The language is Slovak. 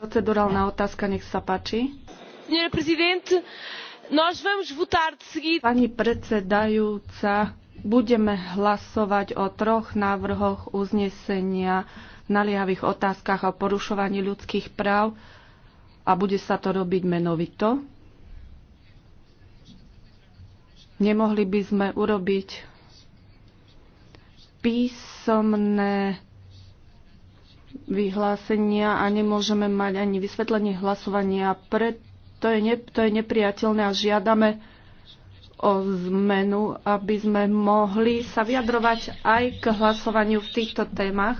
Procedurálna otázka, nech sa páči. Pani predsedajúca, budeme hlasovať o troch návrhoch uznesenia v naliehavých otázkach o porušovaní ľudských práv a bude sa to robiť menovito. Nemohli by sme urobiť písomné vyhlásenia a nemôžeme mať ani vysvetlenie hlasovania. Pre, to, je ne, to je nepriateľné a žiadame o zmenu, aby sme mohli sa vyjadrovať aj k hlasovaniu v týchto témach.